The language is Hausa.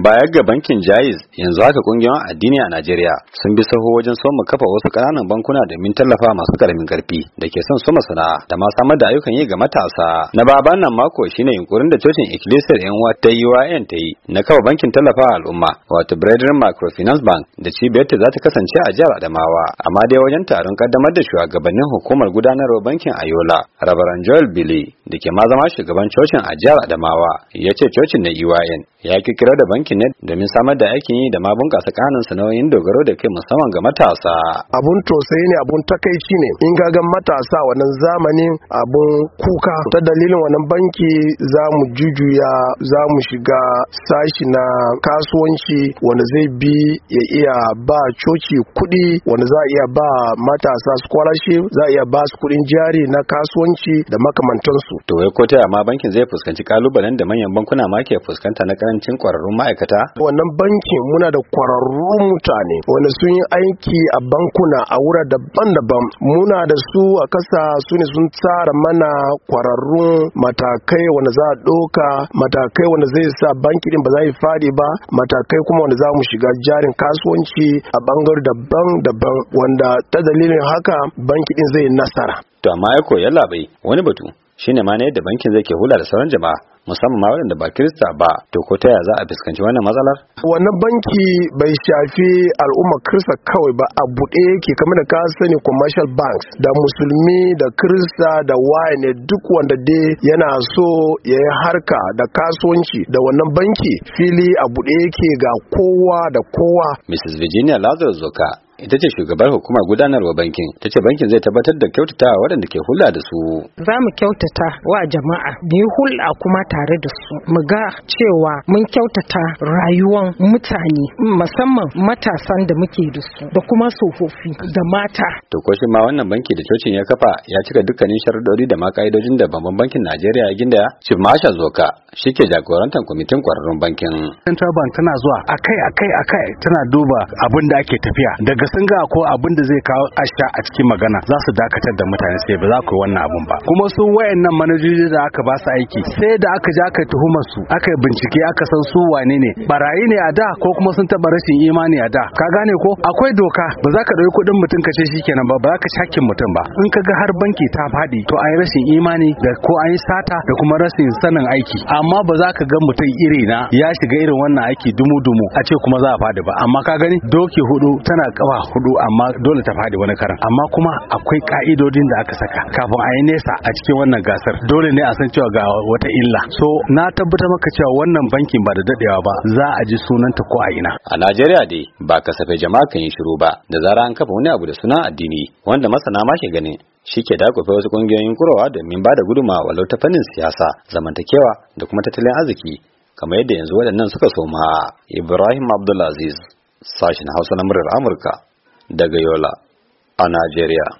baya ga bankin Jaiz, yanzu haka kungiyoyin addini a najeriya sun bi saho wajen soma kafa wasu kananan bankuna domin tallafa masu karamin karfi da ke son soma sana'a da ma samar da ayyukan yi ga matasa na baban nan mako shine yunkurin da cocin ikilisiyar yan uwa ta UIN ta yi na kafa bankin tallafa a al'umma wato Brethren Microfinance Bank da cibiyar ta za ta kasance a jihar Adamawa amma dai wajen taron kaddamar da shugabannin hukumar gudanarwa bankin Ayola Rabaran Joel Billy da ke ma zama shugaban cocin a jihar Adamawa ya ce cocin na EYN ya kirkiro da bankin ne domin samar da aikin yi da ma bunƙasa kanin sanayoyin dogaro da kai musamman ga matasa. Abun tosai ne abun takaici ne in ga matasa wannan zamanin abun kuka ta dalilin wannan banki za mu jujuya za mu shiga sashi na kasuwanci wanda zai bi ya iya ba coci kuɗi wanda za a iya ba matasa scholarship za a iya ba su kuɗin jari na kasuwanci da makamantansu. to wai ko ta amma bankin zai fuskanci kalubalen da manyan bankuna ma ke fuskanta na karancin kwararrun ma'aikata wannan bankin muna da kwararrun mutane wanda sun yi aiki a bankuna a wura daban-daban muna da su a kasa su ne sun tsara mana kwararrun matakai wanda za a ɗauka matakai wanda zai sa banki din ba za yi fadi ba matakai kuma wanda za mu shiga jarin kasuwanci a bangar daban-daban wanda ta dalilin haka banki din zai nasara to amma ya koyi labai wani batu shine ma na yadda bankin zai ke hula da sauran jama'a musamman ma waɗanda ba kirista ba to ko ta za a fuskanci wannan matsalar wannan banki bai shafi al'ummar kirista kawai ba a buɗe yake kamar da ka sani commercial banks da musulmi da kirista da waye duk wanda dai yana so ya yi harka da kasuwanci da wannan banki fili a buɗe yake ga kowa da kowa Mrs. Virginia Lazarus Zoka ita ce shugabar hukumar gudanarwa bankin ta ce bankin zai tabbatar da kyautata waɗanda ke hula da su za mu kyautata wa jama'a mu yi hulɗa kuma tare da su mu ga cewa mun kyautata rayuwan mutane musamman matasan da muke da su da kuma tsofaffi da mata to ko shi ma wannan banki da cocin ya kafa ya cika dukkanin sharuɗori da ma ka'idojin da babban bankin Najeriya ya gina Chief Marshal Zoka shi ke jagorantar kwamitin kwararrun bankin Central Bank tana zuwa akai akai akai tana duba abin da ake tafiya daga Ka sun ga ko abin da zai kawo asha a cikin magana za su dakatar da mutane sai ba za ku yi wannan abun ba kuma su wayannan manajoji da aka ba su aiki sai da aka je aka tuhumar su aka bincike aka san su wane ne barayi ne a da ko kuma sun taba rashin imani a da ka gane ko akwai doka ba za ka ɗauki kuɗin mutum ka ce kenan ba ba za ka shakin mutum ba in ka ga har banki ta faɗi to an rashin imani da ko an sata da kuma rashin sanin aiki amma ba za ka ga mutum iri na ya shiga irin wannan aiki dumu-dumu a ce kuma za a faɗi ba amma ka gani doki hudu tana kawa zuwa hudu amma dole ta fadi wani karan amma kuma akwai ka'idodin da aka saka kafin a yi nesa a cikin wannan gasar dole ne a san cewa ga wata illa so na tabbata maka cewa wannan bankin ba da dadewa ba za a ji sunanta ko a ina a Najeriya dai ba kasafai jama'a kan yi shiru ba da zara an kafa wani abu da suna addini wanda masana ma ke ganin shi ke dakufe wasu kungiyoyin kurawa domin ba da gudunmawa walau ta fannin siyasa zamantakewa da kuma tattalin arziki kamar yadda yanzu waɗannan suka soma Ibrahim Abdulaziz sashen hausa na muryar amurka daga yola a najeriya